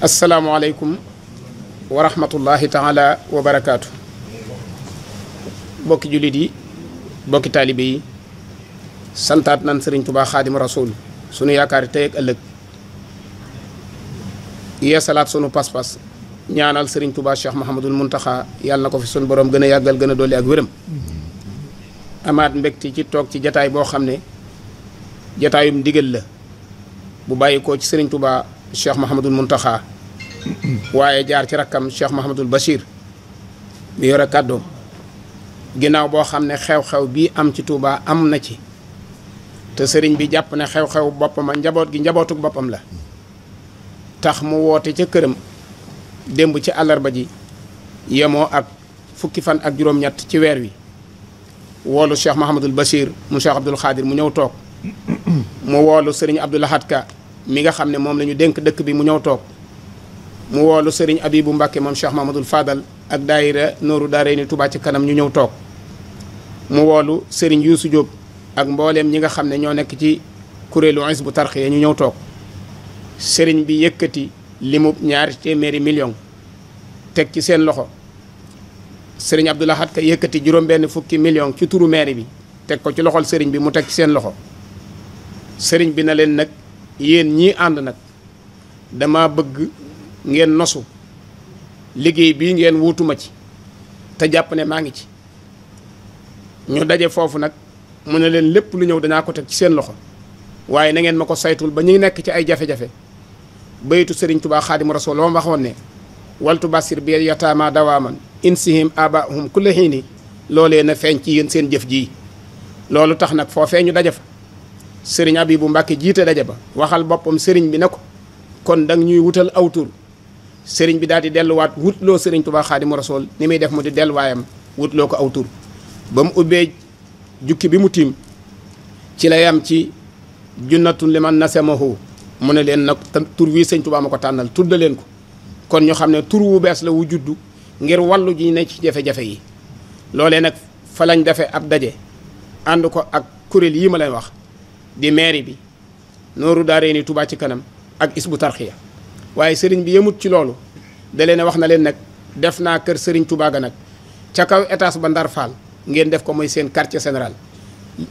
asalaamualeykum wa rahmatullahi taala wa barakaatu bokki jullit yi bokki taalibe yi santaat nan sëriñ tubaa xaadim rasul sunu yaakaari tey ak ëllëg yeesalaat sunu pas-pas ñaanal sëriñ tubaa cheikh mahamadul muntaxa yàlla na ko fi sunu borom gën a yàggal gën a dolli ak wéram amaat mbégte ci toog ci jataay boo xam ne jataayum ndigal la bu bàyyi ko ci sëriñ tubaa cheikh Mahamadul Muntaxa waaye jaar ci rakkam cheikh Mahamadul Bachir bi yore kàddoom ginnaaw boo xam ne xew-xew bii am ci Touba am na ci te sëriñ bi jàpp ne xew-xew boppam a njaboot gi njabootuk boppam la tax mu woote ca këram démb ci àllarba ji yemoo ak fukki fan ak juróom-ñett ci weer wi woolu cheikh Mahamadul Bachir mu cheikh Abdoul Xaadir mu ñëw toog mu woolu sëriñ Abdoul Ahad mi nga xam ne moom lañu dénk dëkk bi mu ñëw toog mu woolu sëriñ Abibu Mbàkke moom Cheikh Mahmadul Fadal ak daayira nooru daaree ni Touba ci kanam ñu ñëw toog mu woolu sëriñ Yuusu Jóob ak mbooleem ñi nga xam ne ñoo nekk ci kuréelu Hizbut Tarqiyyah ñu ñëw toog sëriñ bi yëkkati limub ñaari téeméeri million teg ci seen loxo sëriñ Abdoul Ahad Ka yëkkati juróom-benn fukki million ci turu maire bi teg ko ci loxol sëriñ bi mu teg ci seen loxo sëriñ bi na leen nag yéen ñii ànd nag dama bëgg ngeen nosu liggéey bii ngeen wuutuma ci te jàpp ne maa ngi ci ñu daje foofu nag mu ne leen lépp lu ñëw danaa ko teg ci seen loxo waaye na ngeen ma ko saytul ba ñuy nekk ci ay jafe-jafe baytu sëriñ tubaa xaadimu rasul la waxoon ne waltu basir bi yataama dawaaman insihim abaahum kulla hiini loolee na feeñ ci yéen seen jëf ji loolu tax nag foofee ñu daje fa sëriñ bu Mbàkke jiite daje ba waxal boppam sëriñ bi ne ko kon dang ñuy wutal aw tur sëriñ bi daal di delluwaat wutloo sëriñ Tuubaa Xaadimu Rasuul ni muy def mu di delluwaayam wutloo ko aw tur ba mu ubbee jukki bi mu tiim ci la yam ci junnatun liman nasamahu mu ne leen nag tur wii sëñ Tuubaa ma ko tànnal tudda leen ko kon ñu xam ne tur wu bees la wu juddu ngir wallu ji ne ci jafe-jafe yi loolee nag fa lañ dafe ab daje ànd ko ak kuréel yii ma lay wax di mairie bi nooru daaree ni tubaa ci kanam ak isbu tarxiya waaye sëriñ bi yemut ci loolu da leen wax na leen nag def naa kër sëriñ Touba ga nag ca kaw étage ba Ndar Fall ngeen def ko mooy seen quartier général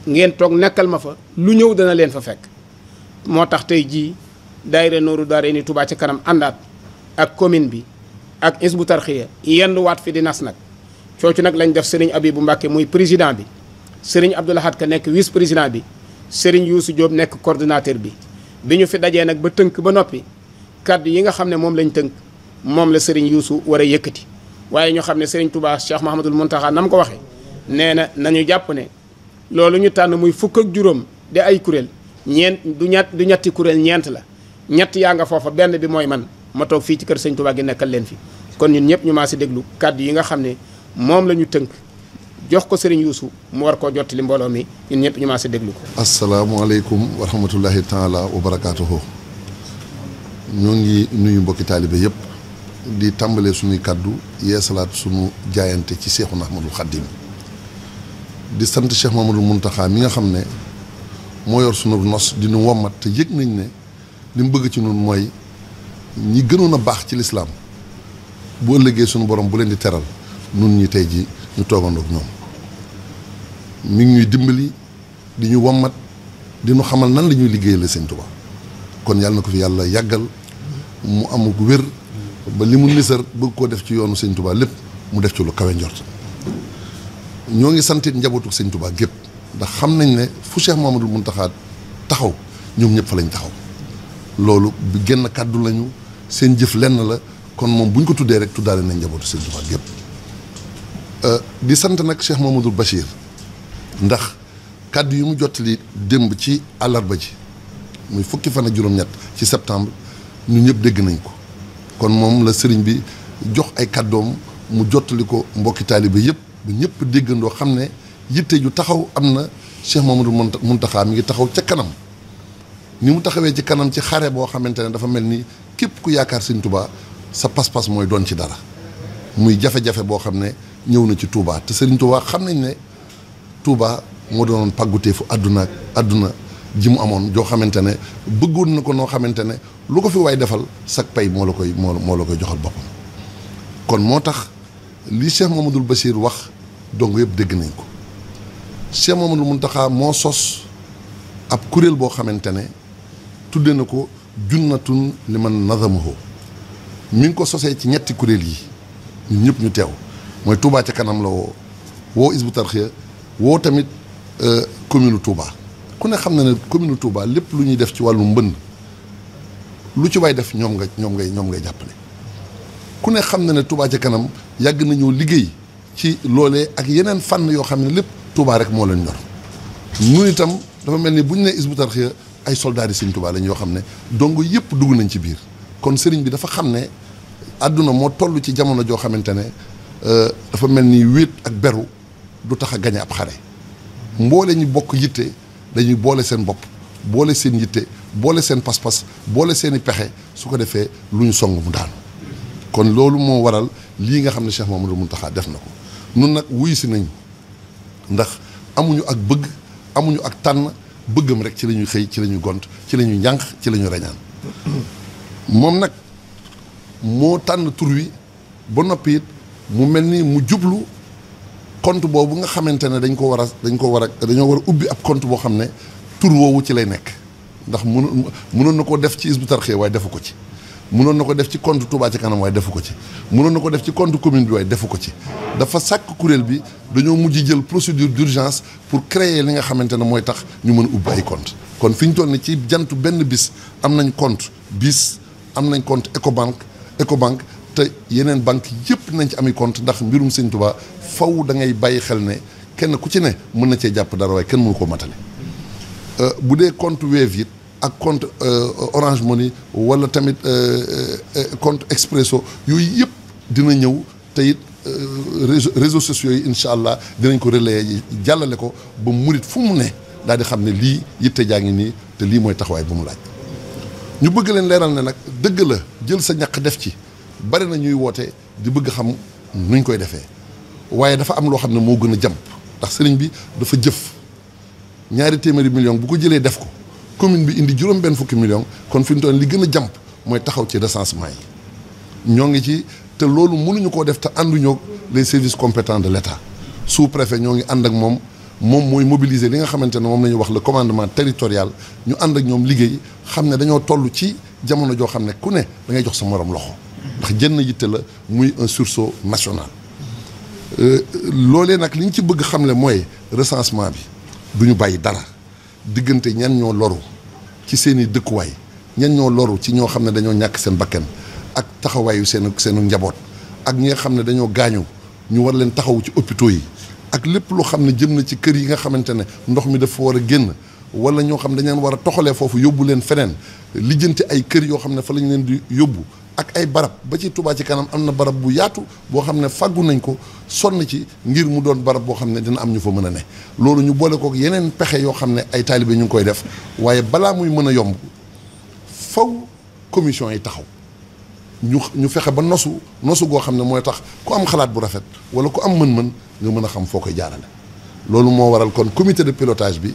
ngeen toog nekkal ma fa lu ñëw dana leen fa fekk moo tax tey jii daayira nooru daaree ni tubaa ci kanam àndaat ak commune bi ak isbu yenn waat fi di nas nag coocu nag lañ def sëriñ bu Mbacke muy président bi sëriñ Abdoulahad Ka nekk vice président bi Serigne Youssou Diop nekk coordinateur bi bi ñu fi dajee nag ba tënk ba noppi kaddu yi nga xam ne moom lañ tënk moom la Serigne Youssou war a yëkkati waaye ñu xam ne Serigne Touba Cheikh Mahamadul Muntaxa na mu ko waxee nee na nañu jàpp ne loolu ñu tànn muy fukk ak juróom de ay kuréel ñeent du ñett du ñetti kuréel ñeent la ñett yaa nga foofa benn bi mooy man ma toog fii ci kër sëñ Touba gi nekkal leen fi kon ñun ñëpp ñu maa si déglu kaddu yi nga xam ne moom la ñu tënk jox ko sëriñ Youssou mu war koo jottali mbooloo mi ñun ñëpp ñu maase déglu ko. asalaamaaleykum wa rahmatullahi taala wa barakaatuhu. ñoo ngi nuyu mbokki taalibe yëpp di tàmbalee suñuy kàddu yeesalaat suñu jaayante ci na Ahmadul Xaddim di sant Cheikh Mamadou Muntaxa mi nga xam ne moo yor sunu nos di nu wommat te yëg nañ ne li mu bëgg ci nun mooy ñi gënoon a baax ci lislaam bu ëllëgee suñu borom bu leen di teral nun ñi tey ji ñu toogandoog ñoom mi ngi ñuy dimbali di ñu wommat di ñu xamal nan la ñuy liggéeyal Sëñ kon yàlla na ko fi yàlla yàggal mu amuk wér ba li mu nisar bëgg koo def ci yoonu Sëñ Tuubaa lépp mu def ci lu kawe njort ñoo ngi santit njabootu Sëñ Tuubaa gépp ndax xam nañ ne fu Cheikh mun taxaat taxaw ñoom ñëpp fa lañ taxaw loolu bi génn kàddu lañu seen jëf lenn la kon moom bu ñu ko tuddee rek tuddaale nañ njabootu Sëñ Tuubaa gépp euh, di sant nag Cheikh Mouhamadoul Bachir ndax kàddu yi mu jottali démb ci àllarba ji muy fukki fan ak juróom-ñett ci septembre ñu ñëpp dégg nañ ko kon moom la sëriñ bi jox ay kàddoom mu jottali ko mbokki taalibe yëpp bu ñëpp déggandoo xam ne yitte ju taxaw am na Cheikh Mamadou Mountakha mi ngi taxaw ca kanam ni mu taxawee ci kanam ci xare boo xamante ne dafa mel ni képp ku yaakaar sëñ Touba sa pas-pas mooy doon ci dara muy jafe-jafe boo xam ne ñëw na ci Touba te sëriñ Touba xam nañ ne Touba moo doonoon fu àdduna ak àdduna ji mu amoon joo xamante ne bëggoon na ko noo xamante ne lu ko fi waay defal sag pay moo la koy moo moo la koy joxal boppam kon moo tax li Cheikh Mamadou Bachir wax dong yëpp dégg nañ ko Cheikh mun taxaa moo sos ab kuréel boo xamante ne tudde na ko junnatun li man nazamahu mi ngi ko sosee ci ñetti kuréel yi ñun ñëpp ñu teew mooy Touba ca kanam la woo woo Hizbut Tarqiyyah woo tamit euh, commune Touba ku ne xam na ne commune Touba lépp lu ñuy def ci wàllu mbënd lu ci waay def ñoom nga ñoom ngay ñoom ngay jàppale ku ne xam na ne Touba ci kanam yàgg nañoo liggéey ci loolee ak yeneen fànn yoo xam ne lépp Touba rek moo lañ ñor ñun itam dafa mel ni bu ñu nee Hizbut Tarqiyyah ay soldats yi Sëriñ Touba lañ yoo xam ne dong yëpp dugg nañ ci biir kon sëriñ bi dafa xam ne àdduna moo toll ci jamono joo xamante ne euh, dafa mel ni wéet ak beru du tax a gañe ab xare mboole ñu bokk yitte dañuy boole seen bopp boole seen yitte boole seen pas-pas boole seen i pexe su ko defee lu ñu song mu daanu kon loolu moo waral lii nga xam ne Cheikh Mamadou Mountakha def na ko nun nag wuyu si ndax amuñu ak bëgg amuñu ak tànn bëggam rek ci la ñuy ci la ñuy gont ci la ñuy ci la ñuy moom nag moo tànn tur wi ba noppi it mu mel ni mu jublu compte boobu nga xamante ne dañ ko war a dañ ko war a dañoo war a ubbi ab compte boo xam ne tur woowu ci lay nekk ndax mënu mënoon na ko def ci Hizbut Tarqiyyah waaye defu ko ci mënoon na ko def ci compte Touba ci kanam defu ko ci mënoon na ko def ci compte commune bi waaye defu ko ci dafa sàkk kuréel bi dañoo mujj jël procédure d'urgence pour créer li nga xamante ne mooy tax ñu mën a ubbi ay compte kon fi ñu toll ni ci jantu benn bis am nañ compte bis am nañ compte Ecobank Ecobank te yeneen banque yëpp nañ ci ami compte ndax mbirum sëñ Tuubaa faw da ngay bàyyi xel ne kenn ku ci ne mën na cee jàpp dara waaye kenn mënu ko matale euh, bu dee compte Wave it ak compte euh, Orange Money wala tamit euh, compte Expresso yooyu yëpp dina ñëw te it réseau réseaux sociaux yi incha allah dinañ ko yi jàllale ko ba murit fu mu ne daal di xam ne lii yitte jaa ngi nii te lii mooy taxawaay bu mu laaj ñu bëgg leen leeral ne nag dëgg la jël sa ñaq def ci bari na ñuy woote di bëgg xam nuñ koy defee waaye dafa am loo xam ne moo gën a jàmp ndax sëriñ bi dafa jëf ñaari téeméeri million bu ko jëlee def ko commune bi indi juróom benn fukki million kon fi mu toll li gën a jàmp mooy taxaw ci recensement yi ñoo ngi ci te loolu mënuñu koo def te ànduñoo les services compétent de l'État sous préfet ñoo ngi ànd ak moom moom mooy mobiliser li nga xamante ne moom la ñuy wax la commandement territorial ñu ànd ak ñoom liggéey xam ne dañoo toll ci jamono joo xam ne ku ne da ngay jox sa morom loxo ndax jënn yitte la muy un sursaut national euh, loolee nag li ñu ci bëgg xamle mooy recensement bi duñu bàyyi dara diggante ñan ñoo loru ci seen i dëkkuwaay ñan ñoo loru ci ñoo xam ne dañoo ñàkk seen bakken ak taxawaayu seen seenu njaboot ak ñi nga xam ne dañoo gaañu ñu war leen taxawu ci hôpitaux yi ak lépp loo xam ne jëm na ci kër yi nga xamante ne ndox mi dafa war a génn wala ñoo xam ne dañu war a toxalee foofu yóbbu leen feneen lijjanti ay kër yoo xam ne fa la ñu leen di yóbbu ak ay barab ba ci tubaa ci kanam am na barab bu yaatu boo xam ne faggu nañ ko sonn ci ngir mu doon barab boo xam ne dina am ñu fa mën a ne loolu ñu boole kook yeneen pexe yoo xam ne ay taalibe ñu ngi koy def waaye balaa muy mën a yomb faw commission yi taxaw ñu ñu fexe ba nosu nosu goo xam ne mooy tax ku am xalaat bu rafet wala ku am mën-mën nga mën a xam foo koy jaarale loolu moo waral kon comité de pilotage bi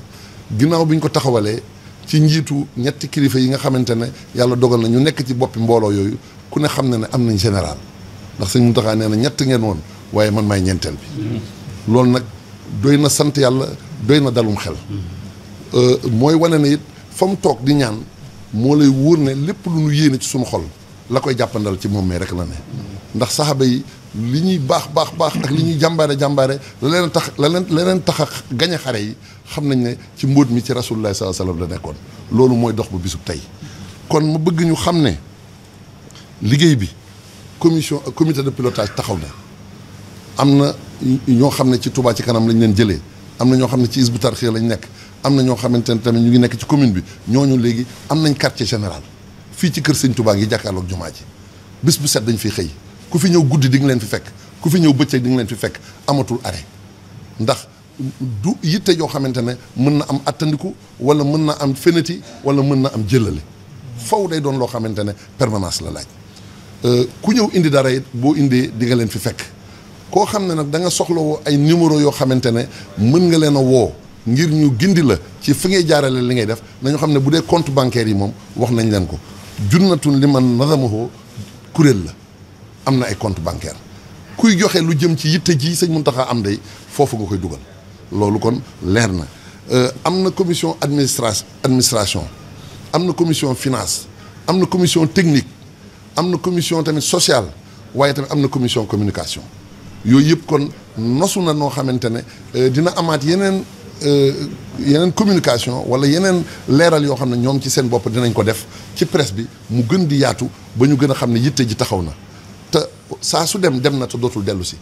ginnaaw bi ñu ko taxawalee ci njiitu ñetti kilifa yi nga xamante ne yàlla dogal na ñu nekk ci boppi mbooloo yooyu ku ne xam na ne am nañ général ndax sëñ Mountakha nee na ñett ngeen woon waaye man maay ñeenteel bi loolu nag doy na sant yàlla doy na dalum xel euh, mooy wane na it fa mu toog di ñaan moo lay wóor ne lépp lu nu yéene ci suñu xol la koy jàppandal ci moom mee rek la ne ndax saxaaba yi li ñuy baax baax baax ak li ñuy jàmbaare jàmbaare la leen tax la leen la tax a gañe xare yi xam nañ ne ci mbóot mi ci rasulullah sallallahu alayhi wasallam la nekkoon loolu mooy dox bu bisub tey xam ne liggéey bi commission commité de pilotage taxaw na am na ñoo xam ne ci tubaa ci kanam lañ leen jëlee am na ñoo xam ne ci Hizbut Tarqiyyah lañ nekk am na ñoo xamante ne tamit ñu ngi nekk ci commune bi ñooñu léegi am nañ quartier général fii ci kër sëñ tubaa ngi jàkkaarloog jumaa ji bis bu set dañ fi xëy ku fi ñëw guddi di nga leen fi fekk ku fi ñëw bëccëg di nga leen fi fekk amatul arrêt ndax du yitte yoo xamante ne mën na am attandiku wala mën na am feneti wala mën na am jëlale faw day doon loo xamante ne permanence la laaj Euh, ku ñëw indi dara it boo indee di nga leen fi fekk koo xam ne nag da nga soxlawoo ay numéro yoo xamante ne mën nga leen a woo ngir ñu gindi la ci fi ngay jaarale li ngay def nañu xam ne bu dee compte bancaire yi moom wax nañ leen ko junnatun li man nadamahoo kuréel la am na ay compte bancaire kuy joxe lu jëm ci yitte ji mun Muntaxa am day foofu nga koy dugal loolu kon leer na euh, am na commission administration administration am na commission finance am na commission technique am na commission tamit sociale waaye tamit am na commission communication yooyu yëpp kon nosu na noo xamante ne euh, dina amaat yeneen euh, yeneen communication wala yeneen leeral yoo xam ne ñoom ci seen bopp dinañ ko def ci presse bi mu gën di yaatu ba ñu gën a xam ne yitte ji taxaw na te saa su dem dem na te dootul dellu si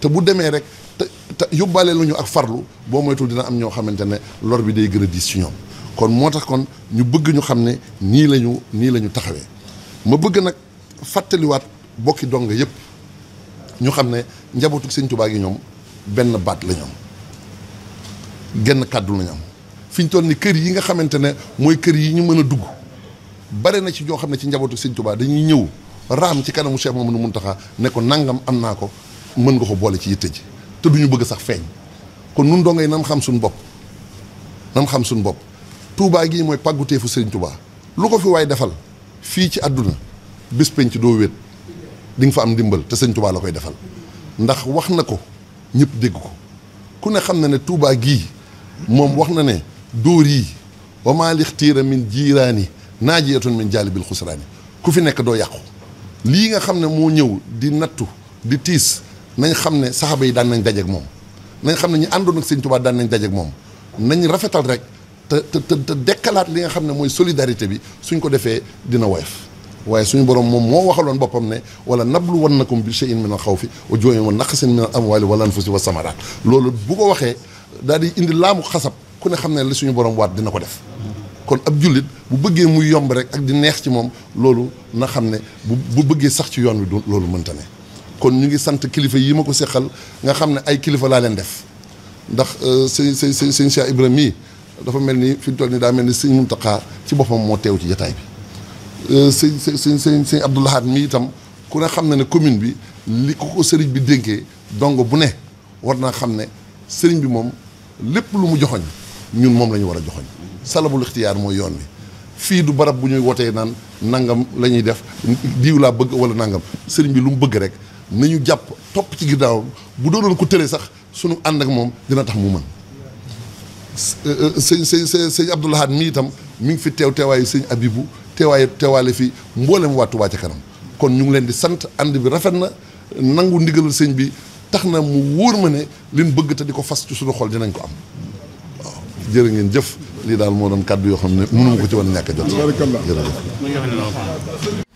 te bu demee rek te te yóbbaale lu ñu ak farlu boo moytul dina am ñoo xamante ne lor bi day gën a diis ci ñoom kon moo tax kon ñu bëgg ñu xam ne nii la ñu nii la ñu taxawee ma bëgg nag. fàttaliwaat bokki donga yëpp ñu xam ne njabootu sëñ Tuubaa gi ñoom benn baat la am genn kàddu la am fi toll ni kër yi nga xamante ne mooy kër yi ñu mën a dugg bare na ci ñoo xam ne ci njabootu sëñ Tuubaa dañuy ñëw raam ci kanamu Cheikh Mamadou Mountakha ne ko nangam am naa ko mën nga ko boole ci yitte ji te ñu bëgg sax feeñ kon nun donga yi nan xam suñu bopp nam xam suñu bopp Tuubaa gi mooy pàgguteefu sëñ Tuubaa lu ko fi waay defal fii ci àdduna bis doo wéet di nga fa am ndimbal te sëñ Touba la koy defal ndax wax na ko ñëpp dégg ko ku ne xam na ne Touba gii moom wax na ne dóor yi wa maa lixtiira naaj jiiraani naajiyatun min jaalibil xusraani ku fi nekk doo yàqu lii nga xam ne moo ñëw di nattu di tiis nañ xam ne saxaaba yi daan nañ dajeek moom nañ xam ne ñu àndoon ak sëñ daan nañ dajeek moom nañ rafetal rek te te te dekkalaat li nga xam ne mooy solidarité bi suñ ko defee dina woyof waaye suñu borom moom moo waxaloon boppam ne wala ko wannakum bi shay'in min al xawfi wa ju'in wa naqsin min al amwali wal anfusi wa samaraat loolu bu ko waxee daal di indi laamu xasab ku ne xam ne la suñu borom waat dina ko def kon ab jullit bu bëggee muy yomb rek ak di neex ci moom loolu na xam ne bu bu bëggee sax ci yoon wi du loolu mënta ne kon ñu ngi sant kilifa yi ma ko seqal nga xam ne ay kilifa laa leen def ndax euh, sëñ sëñ sëñ Cheikh Ibrahima mii dafa mel ni fi mu toll daa mel ni sëñ Muntaxa ci boppam moo teew ci jataay bi Euh, sëñ sëñ sëñ sëñ Abdou Lahad mi itam ku ne xam na ne commune bi li ku ko sëriñ bi dénkee dong bu ne war naa xam ne sëriñ bi moom lépp lu mu joxoñ ñun moom la war a joxoñ salabul ixtiyaar mooy yoon wi fii du barab bu ñuy wootee naan nangam la ñuy def diw laa bëgg wala nangam sëriñ bi lu mu bëgg rek nañu jàpp topp ci ginnaawam bu doonoon ko tëre sax sunu ànd ak moom dina tax mu mën euh, euh, sëñ sëñ sëñ Abdou Lahad mi itam mi ngi fi teew teewaayu sëñ Abibu teewaay teewaale fi mboolem waa Touba kanam kon ñu ngi leen di sant ànd bi rafet na nangu ndigalul sëñ bi tax na mu wóor ma ne liñ bëgg te di ko fas ci suñu xol nañ ko am waaw jërë ngeen jëf lii daal moo doon kàddu yoo xam ne mënuma ko ci wan ñàkk a jot jërëjëf